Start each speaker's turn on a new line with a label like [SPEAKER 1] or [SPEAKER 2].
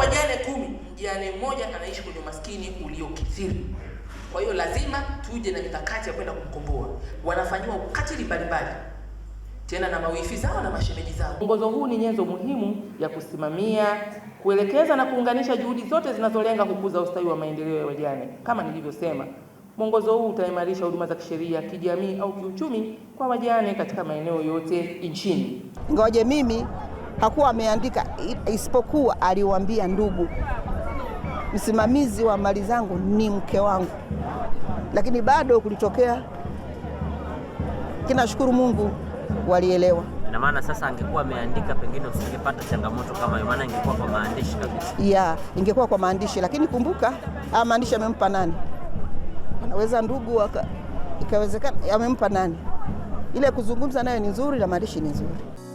[SPEAKER 1] wajane kumi, mjane mmoja anaishi kwenye umaskini uliokithiri. Kwa hiyo lazima tuje na mikakati ya kwenda kumkomboa. Wanafanyiwa ukatili mbalimbali tena na mawifi zao na mashemeji zao.
[SPEAKER 2] Mwongozo huu ni nyenzo muhimu ya kusimamia, kuelekeza na kuunganisha juhudi zote zinazolenga kukuza ustawi wa maendeleo ya wajane. Kama nilivyosema, mwongozo huu utaimarisha huduma za kisheria, kijamii au kiuchumi kwa wajane katika maeneo yote nchini.
[SPEAKER 3] Ngoje mimi hakuwa ameandika, isipokuwa aliwaambia ndugu, msimamizi wa mali zangu ni mke wangu, lakini bado kulitokea. Kinashukuru Mungu walielewa.
[SPEAKER 4] Ina maana sasa, angekuwa ameandika pengine usingepata changamoto kama hiyo, maana ingekuwa kwa maandishi kabisa.
[SPEAKER 3] Yeah, ingekuwa kwa maandishi, lakini kumbuka haya maandishi amempa nani? Anaweza ndugu, ikawezekana amempa nani? Ile kuzungumza nayo ni nzuri na maandishi ni nzuri.